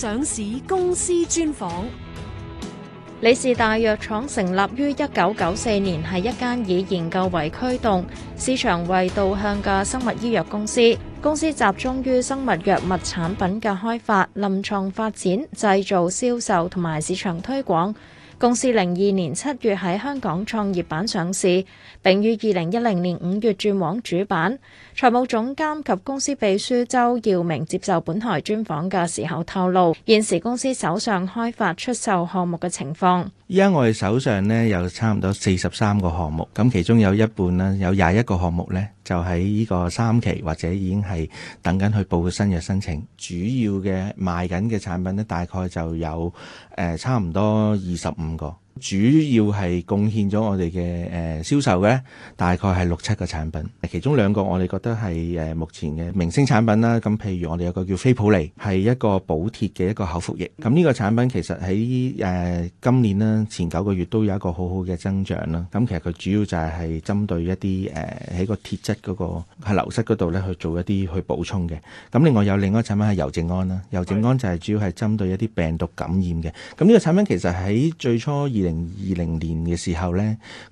上市公司專訪。李氏大藥廠成立於一九九四年，係一間以研究為驅動、市場為導向嘅生物醫藥公司。公司集中於生物藥物產品嘅開發、臨床發展、製造、銷售同埋市場推廣。公司零二年七月喺香港創業板上市，並於二零一零年五月轉往主板。財務總監及公司秘書鄒耀明接受本台專訪嘅時候透露，現時公司手上開發出售項目嘅情況。依家我哋手上呢有差唔多四十三個項目，咁其中有一半啦，有廿一個項目呢。就喺呢個三期，或者已經係等緊去報新藥申請，主要嘅賣緊嘅產品咧，大概就有誒、呃、差唔多二十五個。主要係貢獻咗我哋嘅誒銷售嘅，大概係六七個產品，其中兩個我哋覺得係誒目前嘅明星產品啦。咁譬如我哋有個叫菲普利，係一個補鐵嘅一個口服液。咁呢個產品其實喺誒今年呢前九個月都有一個好好嘅增長啦。咁其實佢主要就係係針對一啲誒喺個鐵質嗰個流失嗰度咧去做一啲去補充嘅。咁另外有另一個產品係尤靖安啦，尤靖安就係主要係針對一啲病毒感染嘅。咁呢個產品其實喺最初二二零二零年嘅時候呢，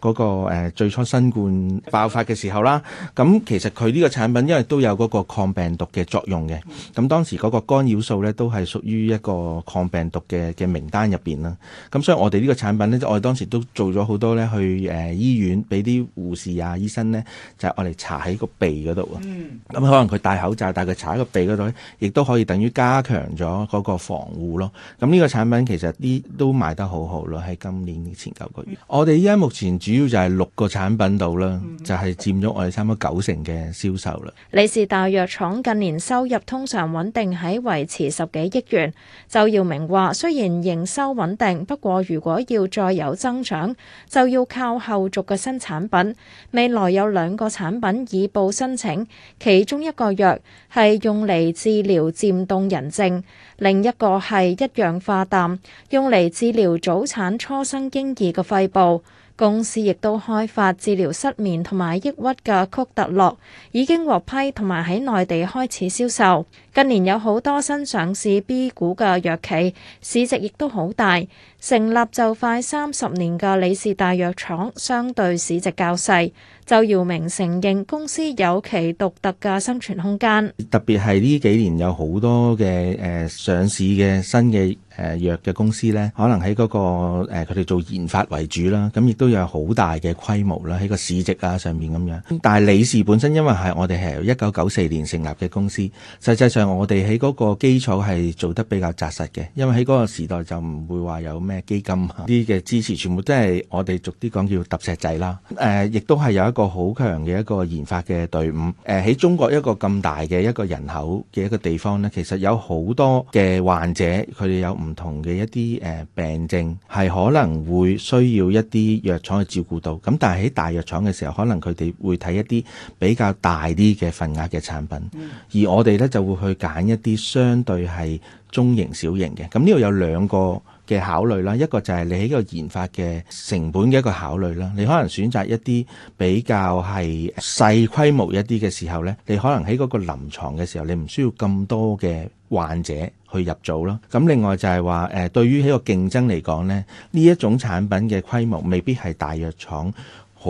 嗰、那個誒、呃、最初新冠爆發嘅時候啦，咁其實佢呢個產品因為都有嗰個抗病毒嘅作用嘅，咁當時嗰個干擾素呢，都係屬於一個抗病毒嘅嘅名單入邊啦。咁所以我哋呢個產品呢，我哋當時都做咗好多呢，去誒、呃、醫院俾啲護士啊、醫生呢，就係我哋搽喺個鼻嗰度。嗯，咁可能佢戴口罩，但係佢搽喺個鼻嗰度，亦都可以等於加強咗嗰個防護咯。咁呢個產品其實啲都賣得好好咯，喺今。今年前九個月，我哋依家目前主要就係六個產品度啦，就係佔咗我哋差唔多九成嘅銷售啦。李氏大藥廠近年收入通常穩定喺維持十幾億元。鄒耀明話：雖然營收穩定，不過如果要再有增長，就要靠後續嘅新產品。未來有兩個產品已報申請，其中一個藥係用嚟治療漸凍人症，另一個係一氧化氮，用嚟治療早產初。生經異嘅肺部，公司亦都開發治療失眠同埋抑鬱嘅曲特洛，已經獲批同埋喺內地開始銷售。近年有好多新上市 B 股嘅藥企，市值亦都好大。成立就快三十年嘅李氏大藥廠相對市值較細。鄒耀明承認公司有其獨特嘅生存空間，特別係呢幾年有好多嘅誒、呃、上市嘅新嘅誒藥嘅公司呢，可能喺嗰、那個誒佢哋做研發為主啦，咁亦都有好大嘅規模啦，喺個市值啊上面咁樣。但係李氏本身因為係我哋係由一九九四年成立嘅公司，實際上我哋喺嗰個基礎係做得比較扎實嘅，因為喺嗰個時代就唔會話有。咩基金啲嘅支持，全部都係我哋逐啲講叫揼石仔啦。誒、呃，亦都係有一個好強嘅一個研發嘅隊伍。誒、呃，喺中國一個咁大嘅一個人口嘅一個地方咧，其實有好多嘅患者，佢哋有唔同嘅一啲誒病症，係可能會需要一啲藥廠去照顧到。咁但係喺大藥廠嘅時候，可能佢哋會睇一啲比較大啲嘅份額嘅產品，嗯、而我哋咧就會去揀一啲相對係中型、小型嘅。咁呢度有兩個。嘅考慮啦，一個就係你喺個研發嘅成本嘅一個考慮啦，你可能選擇一啲比較係細規模一啲嘅時候呢，你可能喺嗰個臨床嘅時候，你唔需要咁多嘅患者去入組啦。咁另外就係話誒，對於喺個競爭嚟講呢，呢一種產品嘅規模未必係大藥廠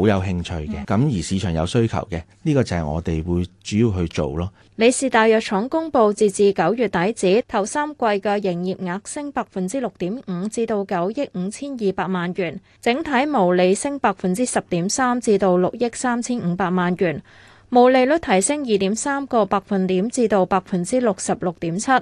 好有興趣嘅，咁而市場有需求嘅，呢個就係我哋會主要去做咯。李氏大藥廠公布，截至九月底止，頭三季嘅營業額升百分之六點五，至到九億五千二百萬元，整體毛利升百分之十點三，至到六億三千五百萬元。毛利率提升二點三個百分點，至到百分之六十六點七，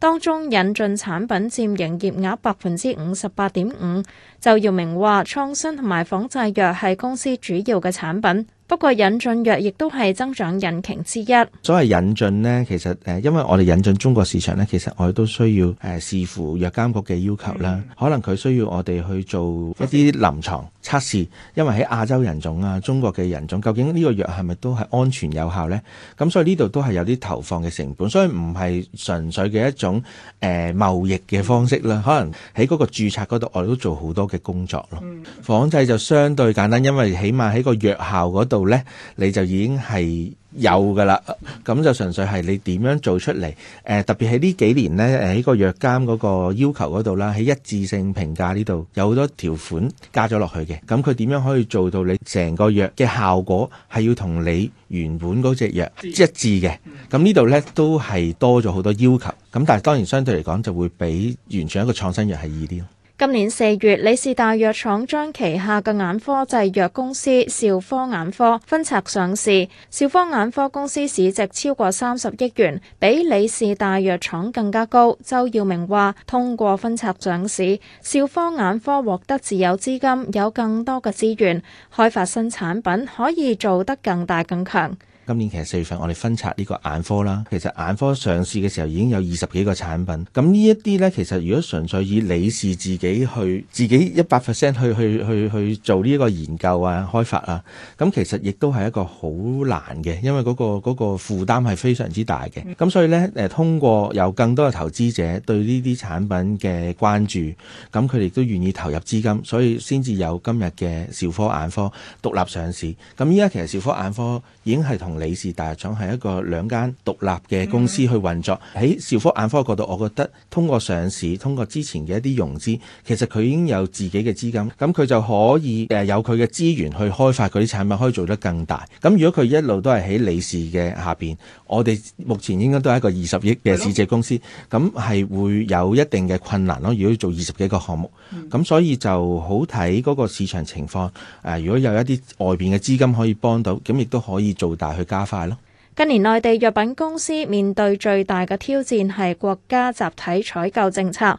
當中引進產品佔營業額百分之五十八點五。就鄒耀明話，創新同埋仿製藥係公司主要嘅產品。不過引進藥亦都係增長引擎之一。所謂引進呢，其實誒，因為我哋引進中國市場呢，其實我哋都需要誒、呃、視乎藥監局嘅要求啦。嗯、可能佢需要我哋去做一啲臨床測試，因為喺亞洲人種啊、中國嘅人種，究竟呢個藥係咪都係安全有效呢？咁所以呢度都係有啲投放嘅成本，所以唔係純粹嘅一種誒貿易嘅方式啦。可能喺嗰個注冊嗰度，我哋都做好多嘅工作咯。嗯、仿製就相對簡單，因為起碼喺個藥效嗰度。咧你就已經係有噶啦，咁就純粹係你點樣做出嚟？誒、呃、特別喺呢幾年咧，喺個藥監嗰個要求嗰度啦，喺一致性評價呢度有好多條款加咗落去嘅。咁佢點樣可以做到你成個藥嘅效果係要同你原本嗰隻藥一致嘅？咁呢度咧都係多咗好多要求。咁但係當然相對嚟講就會比完全一個創新藥係易啲咯。今年四月，李氏大藥廠將旗下嘅眼科製藥公司兆科眼科分拆上市。兆科眼科公司市值超過三十億元，比李氏大藥廠更加高。鄒耀明話：通過分拆上市，兆科眼科獲得自有資金，有更多嘅資源開發新產品，可以做得更大更強。今年其實四月份我哋分拆呢個眼科啦，其實眼科上市嘅時候已經有二十幾個產品。咁呢一啲咧，其實如果純粹以李氏自己去自己一百 percent 去去去去做呢一個研究啊、開發啊，咁其實亦都係一個好難嘅，因為嗰個嗰個負擔係非常之大嘅。咁所以咧，誒通過有更多嘅投資者對呢啲產品嘅關注，咁佢哋都願意投入資金，所以先至有今日嘅兆科眼科獨立上市。咁依家其實兆科眼科已經係同李氏大藥廠係一個兩間獨立嘅公司去運作，喺兆 Okay. 科眼科角度，我覺得通過上市，通過之前嘅一啲融資，其實佢已經有自己嘅資金，咁佢就可以誒有佢嘅資源去開發嗰啲產品，可以做得更大。咁如果佢一路都係喺李氏嘅下邊，我哋目前應該都係一個二十億嘅市值公司，咁係 Right. 會有一定嘅困難咯。如果要做二十幾個項目，咁、mm. 所以就好睇嗰個市場情況。誒、呃，如果有一啲外邊嘅資金可以幫到，咁亦都可以做大去。加快咯！近年，內地藥品公司面對最大嘅挑戰係國家集體採購政策。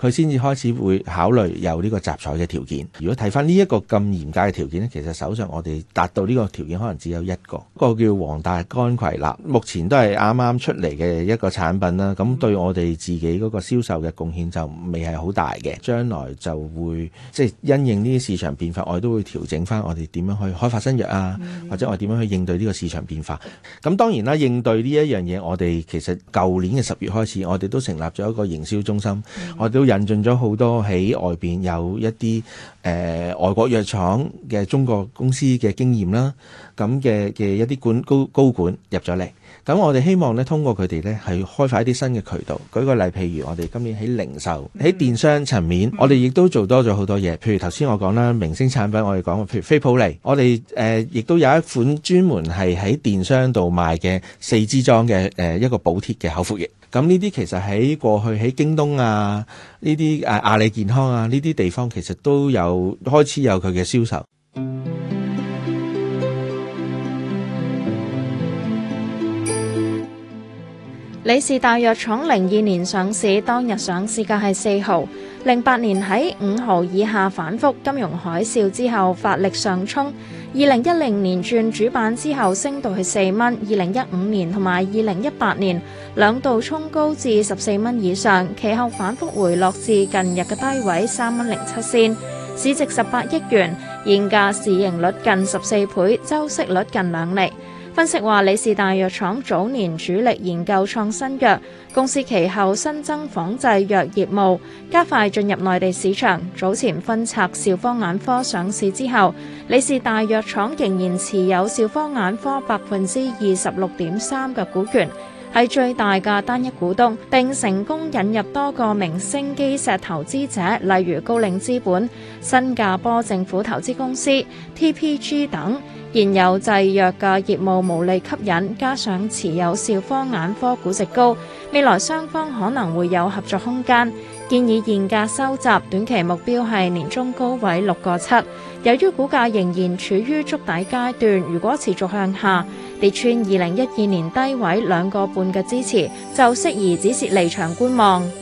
佢先至開始會考慮有呢個集採嘅條件。如果睇翻呢一個咁嚴格嘅條件咧，其實手上我哋達到呢個條件可能只有一個， 一個叫黃大幹葵啦，目前都係啱啱出嚟嘅一個產品啦。咁對我哋自己嗰個銷售嘅貢獻就未係好大嘅，將來就會即係、就是、因應呢啲市場變化，我哋都會調整翻我哋點樣去開發新藥啊， 或者我哋點樣去應對呢個市場變化。咁當然啦，應對呢一樣嘢，我哋其實舊年嘅十月開始，我哋都成立咗一個營銷中心。 我都引進咗好多喺外邊有一啲誒、呃、外國藥廠嘅中國公司嘅經驗啦，咁嘅嘅一啲管高高管入咗嚟。咁我哋希望咧，通過佢哋咧，係開發一啲新嘅渠道。舉個例，譬如我哋今年喺零售、喺電商層面，我哋亦都做多咗好多嘢。譬如頭先我講啦，明星產品我哋講，譬如菲普利，我哋誒亦都有一款專門係喺電商度賣嘅四支裝嘅誒一個補鐵嘅口服液。咁呢啲其實喺過去喺京東啊，呢啲誒阿里健康啊，呢啲地方其實都有開始有佢嘅銷售。李氏大藥廠零二年上市，當日上市價係四毫。零八年喺五毫以下反覆金融海嘯之後，發力上衝。二零一零年轉主板之後，升到去四蚊。二零一五年同埋二零一八年兩度衝高至十四蚊以上，其後反覆回落至近日嘅低位三蚊零七仙。市值十八億元，現價市盈率近十四倍，周息率近兩厘。分析話，李氏大藥廠早年主力研究創新藥，公司其後新增仿製藥業務，加快進入內地市場。早前分拆兆科眼科上市之後，李氏大藥廠仍然持有兆科眼科百分之二十六點三嘅股權。係最大嘅單一股東，並成功引入多個明星基石投資者，例如高瓴資本、新加坡政府投資公司、e TPG 等，現有製藥嘅業務無利吸引，加上持有兆科眼科估值高，未來雙方可能會有合作空間，建議現價收集，短期目標係年中高位六個七，由於股價仍然處於築底階段，如果持續向下，跌穿二零一二年低位兩個半嘅支持，就適宜止蝕離場觀望。